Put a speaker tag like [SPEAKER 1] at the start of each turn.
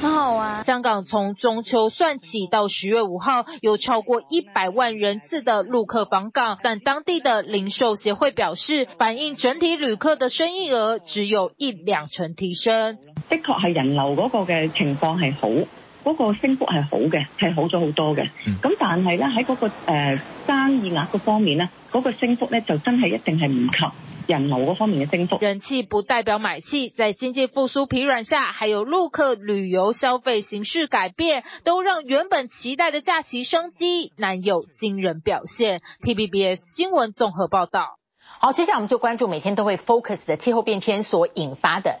[SPEAKER 1] 很好啊！香港從中秋算起到十月五號，有超過一百萬人次的陸客訪港，但當地的零售協會表示，反映整體旅客的生意額只有一兩成提升。嗯、
[SPEAKER 2] 的確係人流嗰個嘅情況係好，嗰、嗰個升幅係好嘅，係好咗好多嘅。咁但係咧喺嗰個誒、呃、生意額嗰方面咧，嗰、嗰個升幅咧就真係一定係唔及。人流嗰方面嘅增幅，人
[SPEAKER 1] 氣不代表買氣，在經濟復甦疲軟下，還有陸客旅遊消費形式改變，都讓原本期待的假
[SPEAKER 3] 期升級難有驚人表現。TVBS 新聞綜合報導。好，接下來我們就關注每天都會 focus 的氣候變遷所引發的